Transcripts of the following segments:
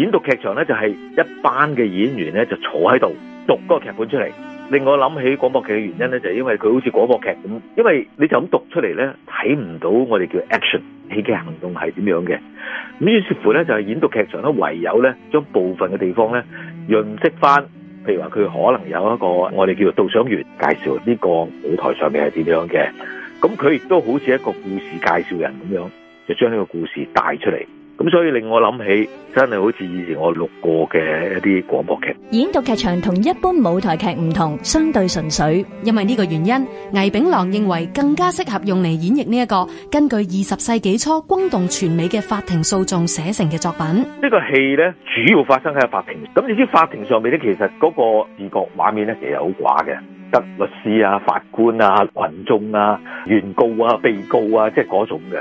演讀劇場咧就係一班嘅演員咧就坐喺度讀嗰個劇本出嚟，令我諗起廣播劇嘅原因咧就係因為佢好似廣播劇咁，因為你就咁讀出嚟咧睇，唔到我哋叫 action，佢嘅行動係點樣嘅，咁於是乎咧就係演讀劇場咧唯有咧將部分嘅地方咧潤色翻，譬如話佢可能有一個我哋叫做導賞員介紹呢個舞台上面係點樣嘅，咁佢亦都好似一個故事介紹人咁樣，就將呢個故事帶出嚟。咁所以令我諗起，真係好似以前我錄過嘅一啲廣播劇。演讀劇場同一般舞台劇唔同，相對純粹。因為呢個原因，魏炳郎認為更加適合用嚟演繹呢一個根據二十世紀初轟動全美嘅法庭訴訟寫成嘅作品。呢個戲咧，主要發生喺法庭。咁你知法庭上面咧，其實嗰個視覺畫面咧，其實好寡嘅，得律師啊、法官啊、群眾啊、原告啊、被告啊，即係嗰種嘅。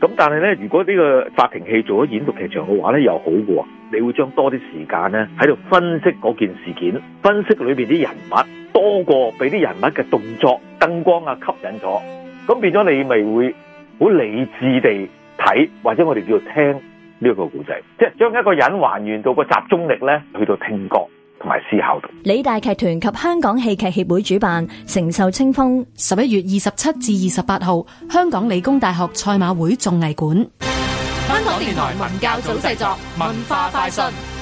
咁但係咧，如果呢個法庭戲做咗演讀劇場嘅話呢，又好嘅，你會將多啲時間呢喺度分析嗰件事件，分析裏面啲人物，多過俾啲人物嘅動作、燈光啊吸引咗，咁變咗你咪會好理智地睇，或者我哋叫做聽呢一個故仔，即係將一個人還原到個集中力咧，去到聽覺。同埋思考李大劇團及香港戲劇協會主辦《承受清風》，十一月二十七至二十八號，香港理工大學賽馬會綜藝館。香港電台文教組製作文化快訊。